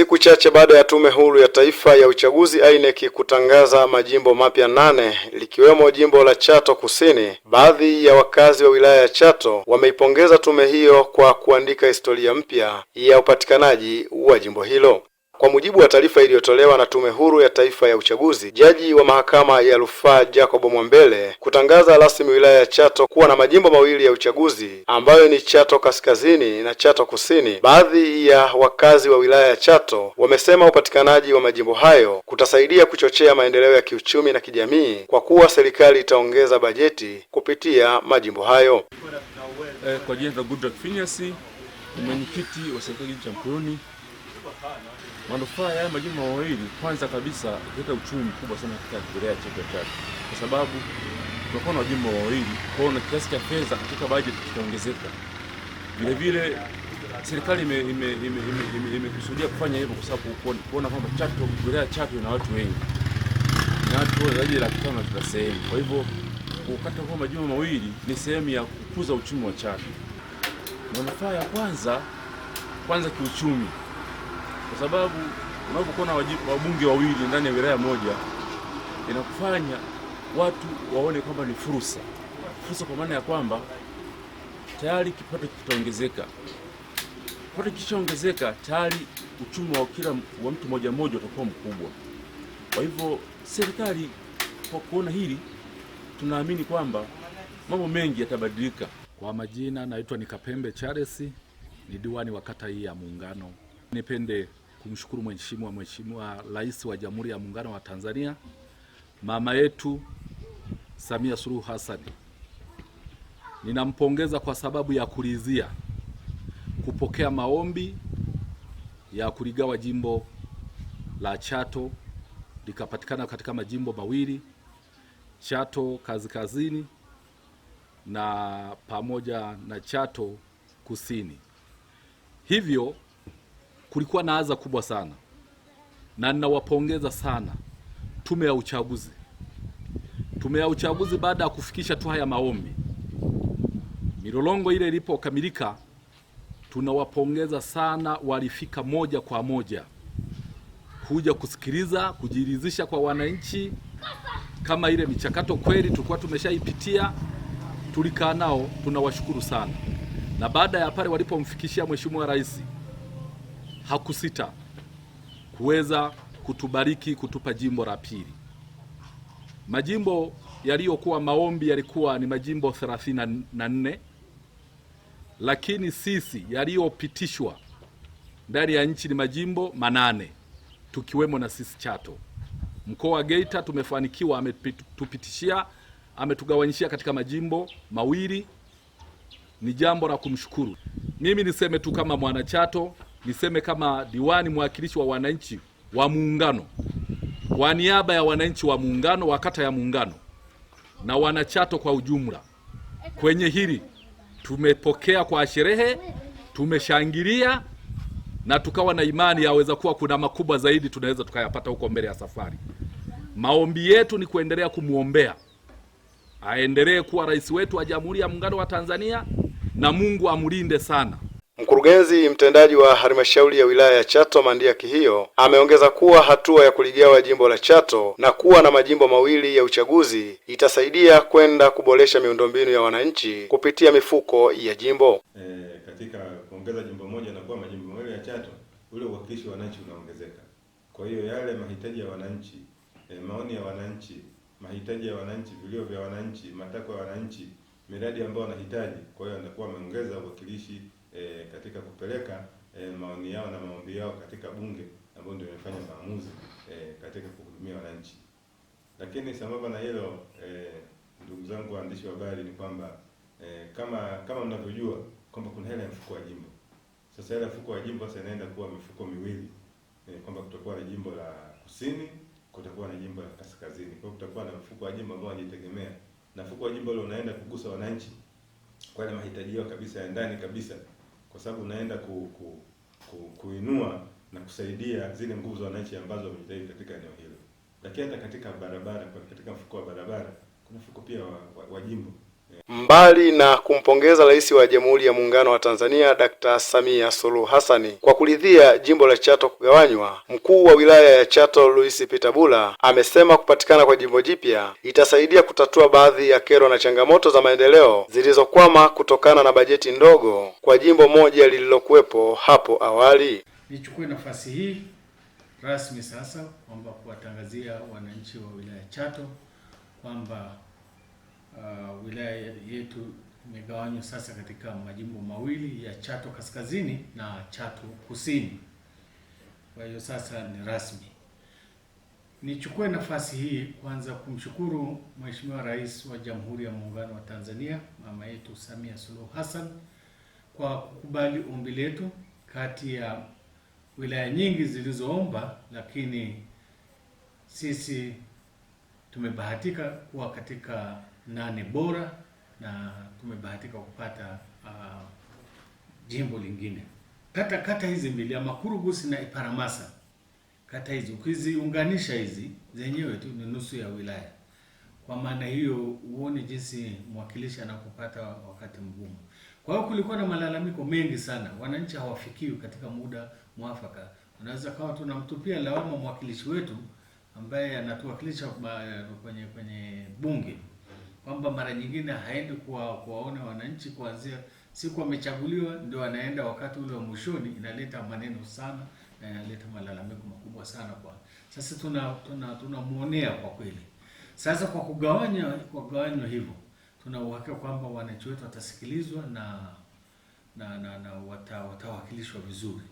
Siku chache baada ya Tume Huru ya Taifa ya Uchaguzi INEC kutangaza majimbo mapya nane likiwemo jimbo la Chato Kusini, baadhi ya wakazi wa wilaya ya Chato wameipongeza tume hiyo kwa kuandika historia mpya ya upatikanaji wa jimbo hilo. Kwa mujibu wa taarifa iliyotolewa na Tume Huru ya Taifa ya Uchaguzi, jaji wa mahakama ya rufaa Jacob Mwambele kutangaza rasmi wilaya ya Chato kuwa na majimbo mawili ya uchaguzi ambayo ni Chato Kaskazini na Chato Kusini. Baadhi ya wakazi wa wilaya ya Chato wamesema upatikanaji wa majimbo hayo kutasaidia kuchochea maendeleo ya kiuchumi na kijamii kwa kuwa serikali itaongeza bajeti kupitia majimbo hayo. Eh, kwa jina la Goodluck Phineas, mwenyekiti wa serikali ya Mkoloni Manufaa ya haya majimbo mawili, kwanza kabisa kuleta uchumi mkubwa sana katika wilaya ya Chato Chato, kwa sababu tunakuwa na majimbo mawili, kwa hiyo na kiasi cha fedha katika bajeti kitaongezeka. Vile vile serikali imekusudia kufanya hivyo kwa sababu kuona kwamba Chato, wilaya ya Chato ina watu wengi na watu zaidi ya laki tano na kila sehemu. Kwa hivyo kukata kwa majimbo mawili ni sehemu ya kukuza uchumi wa Chato. Manufaa ya kwanza, kwanza kiuchumi kwa sababu unapokuwa na wabunge wawili ndani ya wilaya moja inakufanya watu waone kwamba ni fursa fursa, kwa maana ya kwamba tayari kipato kitaongezeka. Kipato kikishaongezeka, tayari uchumi wa kila wa mtu moja moja utakuwa mkubwa. Kwa hivyo serikali kwa kuona hili, tunaamini kwamba mambo mengi yatabadilika. Kwa majina, naitwa ni kapembe Charles, ni diwani wa kata hii ya Muungano. Nipende kumshukuru mheshimiwa mheshimiwa Rais wa Jamhuri ya Muungano wa Tanzania mama yetu Samia Suluhu Hassan. Ninampongeza kwa sababu ya kulizia kupokea maombi ya kuligawa jimbo la Chato likapatikana katika majimbo mawili Chato Kaskazini na pamoja na Chato Kusini. Hivyo kulikuwa na adha kubwa sana, na ninawapongeza sana tume ya uchaguzi. Tume ya uchaguzi baada ya kufikisha tu haya maombi, milolongo ile ilipokamilika, tunawapongeza sana, walifika moja kwa moja kuja kusikiliza, kujiridhisha kwa wananchi kama ile michakato kweli tulikuwa tumeshaipitia, tulikaa nao, tunawashukuru sana. Na baada ya pale walipomfikishia Mheshimiwa Rais hakusita kuweza kutubariki kutupa jimbo la pili. Majimbo yaliyokuwa maombi yalikuwa ni majimbo 34 lakini sisi yaliyopitishwa ndani ya nchi ni majimbo manane tukiwemo na sisi Chato. Mkoa wa Geita tumefanikiwa, ametupitishia ametugawanyishia katika majimbo mawili, ni jambo la kumshukuru. Mimi niseme tu kama mwanachato niseme kama diwani mwakilishi wa wananchi wa Muungano, kwa niaba ya wananchi wa Muungano wa kata ya Muungano na wanachato kwa ujumla, kwenye hili tumepokea kwa sherehe, tumeshangilia na tukawa na imani yaweza kuwa kuna makubwa zaidi tunaweza tukayapata huko mbele ya safari. Maombi yetu ni kuendelea kumwombea aendelee kuwa rais wetu wa Jamhuri ya Muungano wa Tanzania na Mungu amlinde sana. Mkurugenzi mtendaji wa halmashauri ya wilaya ya Chato Mandia Kihiyo ameongeza kuwa hatua ya kuligawa jimbo la Chato na kuwa na majimbo mawili ya uchaguzi itasaidia kwenda kuboresha miundombinu ya wananchi kupitia mifuko ya jimbo. E, katika kuongeza jimbo moja na kuwa majimbo mawili ya Chato, ule uwakilishi wa wananchi unaongezeka. Kwa hiyo yale mahitaji ya wananchi, e, maoni ya wananchi, mahitaji ya wananchi, vilio vya wananchi, matakwa ya wananchi, miradi ambayo wanahitaji, kwa hiyo anakuwa ameongeza uwakilishi e, katika kupeleka e, maoni yao na maombi yao katika bunge ambao ndio imefanya maamuzi e, katika kuhudumia wananchi. Lakini sambamba na hilo e, ndugu zangu waandishi wa habari, ni kwamba e, kama kama mnavyojua kwamba kuna hela ya mfuko wa jimbo. Sasa hela ya mfuko wa jimbo sasa inaenda kuwa mifuko miwili e, kwamba kutakuwa na jimbo la kusini, kutakuwa na jimbo la kaskazini. Kwa hiyo kutakuwa na mfuko wa jimbo ambao unajitegemea na mfuko wa jimbo ule unaenda kugusa wananchi kwa ile mahitaji yao kabisa ya ndani kabisa kwa sababu unaenda ku, ku, ku, kuinua na kusaidia zile nguvu za wananchi ambazo wamejitahidi katika eneo hilo, lakini hata katika barabara, katika mfuko wa barabara kuna mfuko pia wa, wa, wa jimbo Mbali na kumpongeza Rais wa Jamhuri ya Muungano wa Tanzania Dkt. Samia Suluhu Hassan kwa kuridhia jimbo la Chato kugawanywa, mkuu wa wilaya ya Chato Luis Pitabula amesema kupatikana kwa jimbo jipya itasaidia kutatua baadhi ya kero na changamoto za maendeleo zilizokwama kutokana na bajeti ndogo kwa jimbo moja lililokuwepo hapo awali. Nichukue nafasi hii rasmi sasa kwamba kuwatangazia wananchi wa wilaya Chato kwamba uh, wilaya yetu imegawanywa sasa katika majimbo mawili ya Chato Kaskazini na Chato Kusini. Kwa hiyo sasa ni rasmi. Nichukue nafasi hii kwanza kumshukuru Mheshimiwa Rais wa Jamhuri ya Muungano wa Tanzania, mama yetu Samia Suluhu Hassan kwa kukubali ombi letu. Kati ya wilaya nyingi zilizoomba, lakini sisi tumebahatika kuwa katika nane bora na tumebahatika kupata uh, jimbo lingine. Kata kata hizi mbili ya Makurugusi na Iparamasa, kata hizi ukiziunganisha hizi zenyewe tu ni nusu ya wilaya. Kwa maana hiyo uone jinsi mwakilishi anapopata wakati mgumu. Kwa hiyo kulikuwa na malalamiko mengi sana, wananchi hawafikiwi katika muda mwafaka. Unaweza kawa tunamtupia lawama mwakilishi wetu ambaye anatuwakilisha kwenye kwenye bunge kwamba mara nyingine haendi kuwa, kuwaona wananchi kuanzia siku amechaguliwa ndio anaenda wakati ule wa mwishoni, inaleta maneno sana na inaleta malalamiko makubwa sana kwa sasa. Tuna tunamwonea kwa kweli. Sasa kwa kugawanya kwa kugawanywa hivyo, tuna uhakika kwamba wananchi wetu watasikilizwa na na, na, na wata, watawakilishwa vizuri.